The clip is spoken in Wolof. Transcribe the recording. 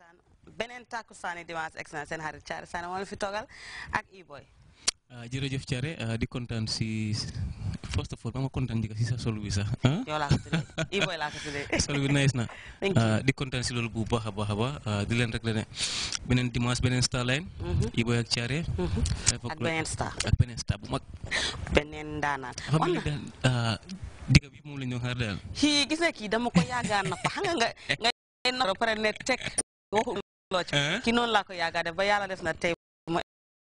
Benen beneen takkusaani dimanche excellence sen seen xarit Thiaré mo fi togal ak jere ah, jërëjëf Thiaré ah, di content si first of all ma content diga si sa solo bi sa ah? yo la ko e boy la ko solo bi nice na di content si loolu bu baax a ba di len rek lené benen beneen dimanche beneen star line. Mhm. boy ak Thiaré. Mhm. ak benen star ak benen star bu Benen dana. daanaan diga bi mo la ñu xaar daal. kii gis na ki dama ko yaagaan na fa nga nga. pare ne waxuma loo ci noonu laa ko yàgga ba yàlla def na tey